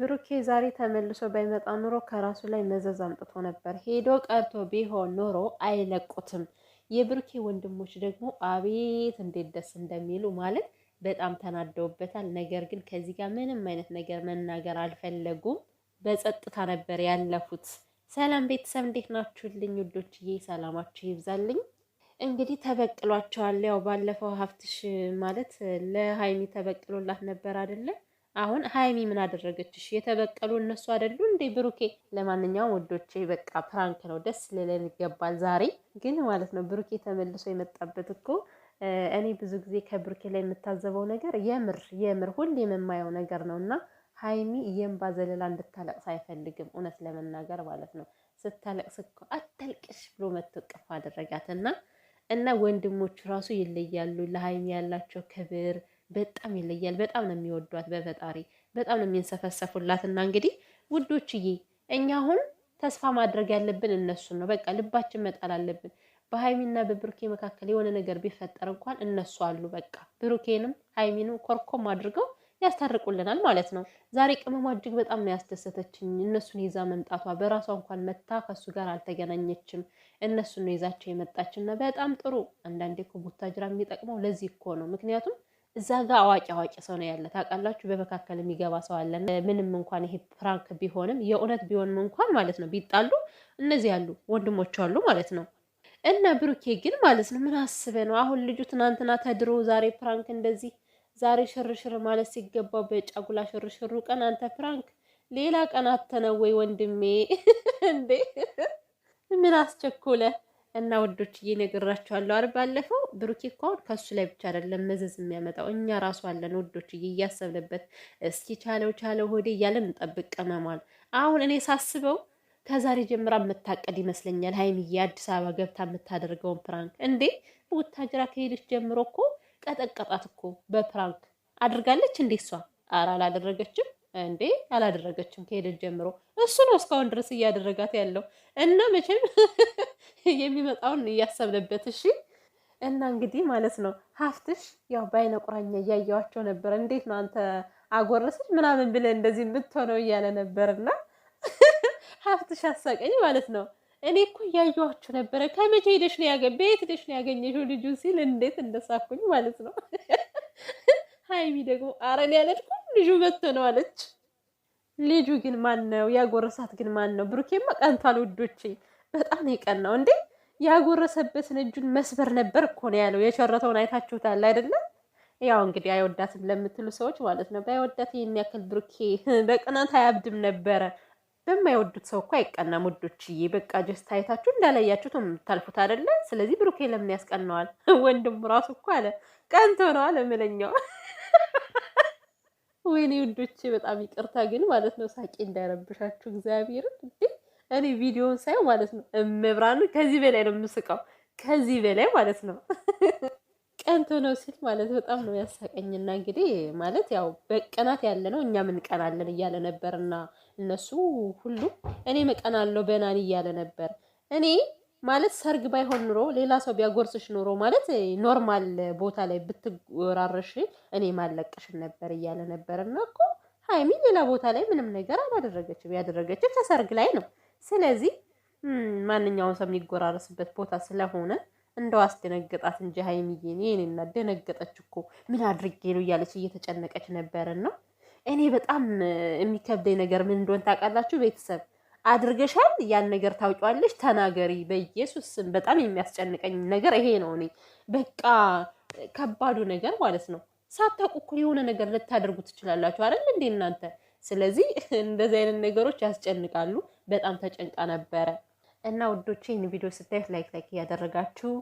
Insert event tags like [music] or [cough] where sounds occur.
ብሩኬ ዛሬ ተመልሶ ባይመጣ ኑሮ ከራሱ ላይ መዘዝ አምጥቶ ነበር። ሄዶ ቀርቶ ቢሆን ኖሮ አይለቁትም። የብሩኬ ወንድሞች ደግሞ አቤት እንዴት ደስ እንደሚሉ ማለት በጣም ተናደውበታል። ነገር ግን ከዚህ ጋር ምንም አይነት ነገር መናገር አልፈለጉም። በጸጥታ ነበር ያለፉት። ሰላም ቤተሰብ እንዴት ናችሁልኝ? ውዶችዬ ሰላማችሁ ይብዛልኝ። እንግዲህ ተበቅሏቸዋል። ያው ባለፈው ሀብትሽ ማለት ለሀይሚ ተበቅሎላት ነበር አይደለም አሁን ሀይሚ ምን አደረገችሽ? የተበቀሉ እነሱ አይደሉ እንዴ? ብሩኬ ለማንኛውም ወዶቼ በቃ ፕራንክ ነው፣ ደስ ልለን ይገባል። ዛሬ ግን ማለት ነው ብሩኬ ተመልሶ የመጣበት እኮ እኔ ብዙ ጊዜ ከብሩኬ ላይ የምታዘበው ነገር የምር የምር ሁሌም የማየው ነገር ነው እና ሀይሚ የንባ ዘለላ እንድታለቅስ አይፈልግም። እውነት ለመናገር ማለት ነው ስታለቅስ እኮ አታልቅሽ ብሎ መቶ እቅፍ አደረጋት እና እና ወንድሞቹ ራሱ ይለያሉ። ለሀይሚ ያላቸው ክብር በጣም ይለያል። በጣም ነው የሚወዷት በፈጣሪ በጣም ነው የሚንሰፈሰፉላት። እና እንግዲህ ውዶችዬ እኛ አሁን ተስፋ ማድረግ ያለብን እነሱን ነው። በቃ ልባችን መጣል አለብን። በሀይሚና በብሩኬ መካከል የሆነ ነገር ቢፈጠር እንኳን እነሱ አሉ። በቃ ብሩኬንም ሀይሚንም ኮርኮም አድርገው ያስታርቁልናል ማለት ነው። ዛሬ ቅመሟ እጅግ በጣም ነው ያስደሰተችኝ። እነሱን ይዛ መምጣቷ በራሷ እንኳን መታ ከሱ ጋር አልተገናኘችም። እነሱን ነው ይዛቸው የመጣች እና በጣም ጥሩ። አንዳንዴ እኮ ቡታጅራ የሚጠቅመው ለዚህ እኮ ነው። ምክንያቱም እዛ ጋር አዋቂ አዋቂ ሰው ነው ያለ ታውቃላችሁ። በመካከል የሚገባ ሰው አለ። ምንም እንኳን ይሄ ፕራንክ ቢሆንም የእውነት ቢሆንም እንኳን ማለት ነው ቢጣሉ እነዚህ ያሉ ወንድሞች አሉ ማለት ነው። እና ብሩኬ ግን ማለት ነው ምን አስበ ነው አሁን ልጁ ትናንትና ተድሮ ዛሬ ፕራንክ እንደዚህ ዛሬ ሽርሽር ማለት ሲገባው በጫጉላ ሽርሽሩ ቀን አንተ ፕራንክ ሌላ ቀን አተነወይ ወንድሜ [laughs] እንዴ ምን አስቸኮለ? እና ወዶች እየነግራችኋለሁ አይደል? ባለፈው ብሩኬ እኮ አሁን ከሱ ላይ ብቻ አይደለም መዘዝ የሚያመጣው እኛ ራሱ አለን። ወዶች እያሰብንበት እስኪ ቻለው ቻለው ሆዴ እያለን እንጠብቅ። ቀመሟል አሁን እኔ ሳስበው ከዛሬ ጀምራ የምታቀድ ይመስለኛል ሀይሚዬ አዲስ አበባ ገብታ የምታደርገውን ፕራንክ። እንዴ ቡታጅራ ከሄደች ጀምሮ እኮ ቀጠቀጣት እኮ በፕራንክ አድርጋለች። እንዴ እሷ አራ አላደረገችም እንዴ አላደረገችም። ከሄደች ጀምሮ እሱ ነው እስካሁን ድረስ እያደረጋት ያለው እና መቼም የሚመጣውን እያሰብንበት እሺ። እና እንግዲህ ማለት ነው ሀፍትሽ ያው በአይነ ቁራኛ እያየዋቸው ነበር። እንዴት ነው አንተ አጎረሰች ምናምን ብለ እንደዚህ የምትሆነው እያለ እና [laughs] ሀፍትሽ አሳቀኝ ማለት ነው። እኔ እኮ እያየኋችሁ ነበረ። ከመቼ ሄደሽ ነው ያገ ቤት ሄደሽ ነው ያገኘሽው ልጁ ሲል እንዴት እንደሳኩኝ ማለት ነው። [laughs] ሀይሚ ደግሞ አረን ያለችኩ ልጁ መጥቶ ነው አለች። ልጁ ግን ማን ነው ያጎረሳት? ግን ማን ነው? ብሩኬማ ቀንቷል ውዶቼ። በጣም ነው እንዴ! ያጎረሰበትን እጁን መስበር ነበር እኮ ነው ያለው። የቸረተውን አይታችሁታል አይደለም? ያው እንግዲህ አይወዳትም ለምትሉ ሰዎች ማለት ነው። ባይወዳት ይህን ያክል ብሩኬ [laughs] በቅናት አያብድም ነበረ። በማይወዱት ሰው እኮ አይቀናም ውዶችዬ። በቃ ጀስት አይታችሁ እንዳላያችሁት የምታልፉት አይደለ? ስለዚህ ብሩኬ ለምን ያስቀናዋል? [laughs] ወንድሙ ራሱ እኮ አለ ቀንቶ ነው ምለኛው። [laughs] ወይኔ ውዶቼ በጣም ይቅርታ ግን ማለት ነው ሳቄ እንዳይረብሻችሁ እግዚአብሔርን እኔ ቪዲዮን ሳይ ማለት ነው እመብራን ከዚህ በላይ ነው የምስቀው፣ ከዚህ በላይ ማለት ነው። [laughs] ቀንቶ ነው ሲል ማለት በጣም ነው ያሳቀኝና እንግዲህ ማለት ያው በቀናት ያለ ነው እኛ ምን ቀናለን እያለ ነበርና እነሱ ሁሉ እኔ መቀናለሁ በናን እያለ ነበር። እኔ ማለት ሰርግ ባይሆን ኑሮ ሌላ ሰው ቢያጎርስሽ ኑሮ ማለት ኖርማል ቦታ ላይ ብትጎራረሽ እኔ ማለቀሽን ነበር እያለ ነበርና እኮ ሀይሚ ሌላ ቦታ ላይ ምንም ነገር አላደረገችም። ያደረገችው ከሰርግ ላይ ነው። ስለዚህ ማንኛውም ሰው የሚጎራረስበት ቦታ ስለሆነ እንደው አስደነገጣት እንጂ ሀይሚዬን እኔና ደነገጠች እኮ ምን አድርጌ ነው እያለች እየተጨነቀች ነበር። ነው። እኔ በጣም የሚከብደኝ ነገር ምን እንደሆን ታውቃላችሁ? ቤተሰብ አድርገሻል፣ ያን ነገር ታውቂዋለሽ፣ ተናገሪ። በኢየሱስ ስም በጣም የሚያስጨንቀኝ ነገር ይሄ ነው። እኔ በቃ ከባዱ ነገር ማለት ነው። ሳታውቁ እኮ የሆነ ነገር ልታደርጉ ትችላላችሁ አይደል እንዴ እናንተ። ስለዚህ እንደዚህ አይነት ነገሮች ያስጨንቃሉ። በጣም ተጨንቃ ነበረ እና ውዶቼ ይህን ቪዲዮ ስታዩት ላይክ ላይክ እያደረጋችሁ